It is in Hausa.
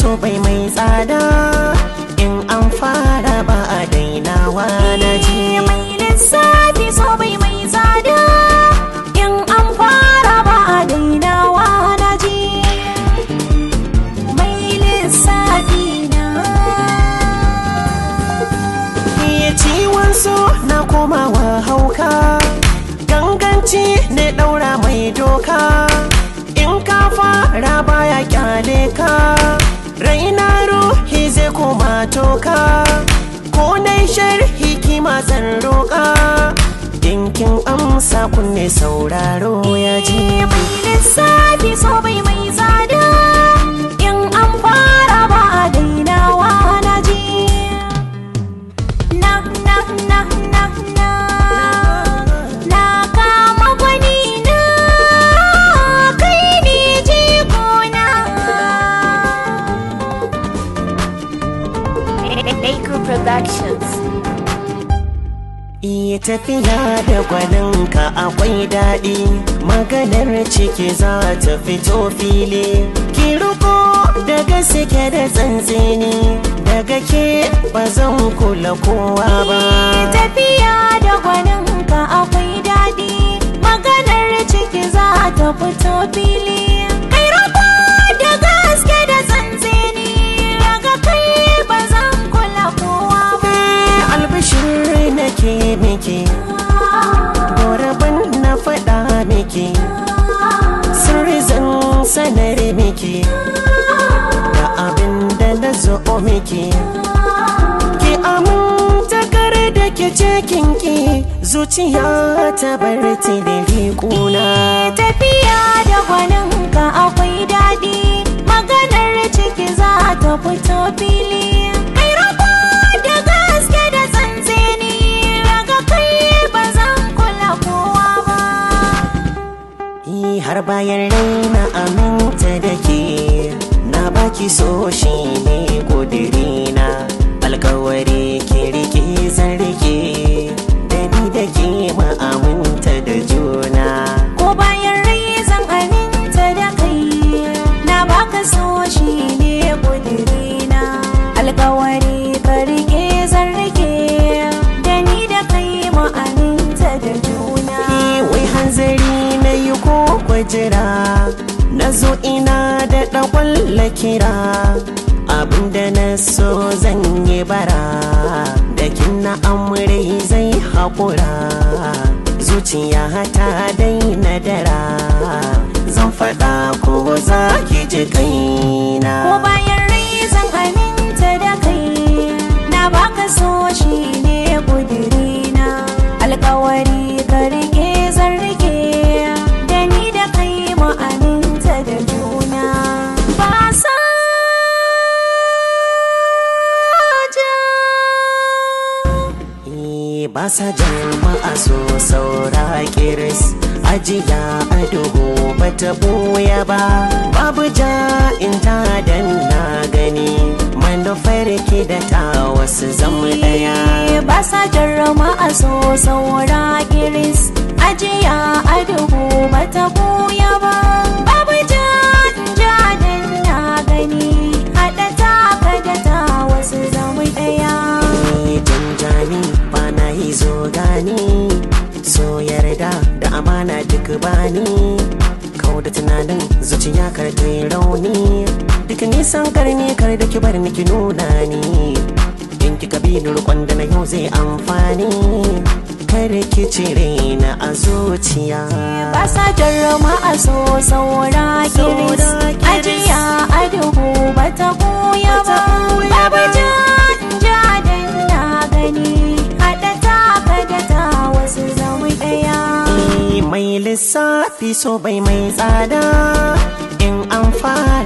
so bai mai tsada in an fara ba a dainawa na ji mai lissafi so bai mai tsada in an fara ba a dainawa na ji mai lissafi na ya ciwon so na komawa hauka ganganci ne daura mai doka in ka fara baya kyale ka raina ruhi zai koma toka ko dai sharhi kima zan roƙa dinkin amsa kunne sauraro ya ji lissafi so bai Productions. Iya tafiya da gwaninka akwai daɗi, maganar ciki za ta fito fili. Ki ruko daga da tsantsini, daga ke ba zan kula kowa ba. Iya tafiya da gwaninka akwai daɗi, maganar ciki za ta fito fili. miki ki aminta kare da ke cikin ki zuciya ta barci da riƙuna tafiya da gwaninka akwai daɗi maganar ciki za ta fito fili har bayan raina aminta da ke na baki so shi ne kudirina alkawari ki rike zarge da ni da ke ma'amunta da juna ko bayan rai zan aminta da kai na baka so shi ne kudirina alkawari ka rike zarge da ni da kai ma'amunta da juna wai hanzari na yi ko kwajira na zo ina da ɗagwalla kira abinda na so zan yi bara da na amure zai haƙura zuciya ta daina dara zan faɗa ko za ki ji kaina bayan ba sa jama'a saura kiris ajiya a duhu bata ba babu ja'in ta dan gani manufar ki da ta wasu zama ɗaya eh, ba sa jama'a saura kiris ajiya a duhu ba tunani kau da tunanin zuciya kar rauni duk nisan karni kar da ni niki nuna ni in kika bi rukon da na yau zai amfani kar ki cire na a zuciya ba sa ma a so saura kiris ajiya a dubu ta koya ba sati so bai mai tsada in an fara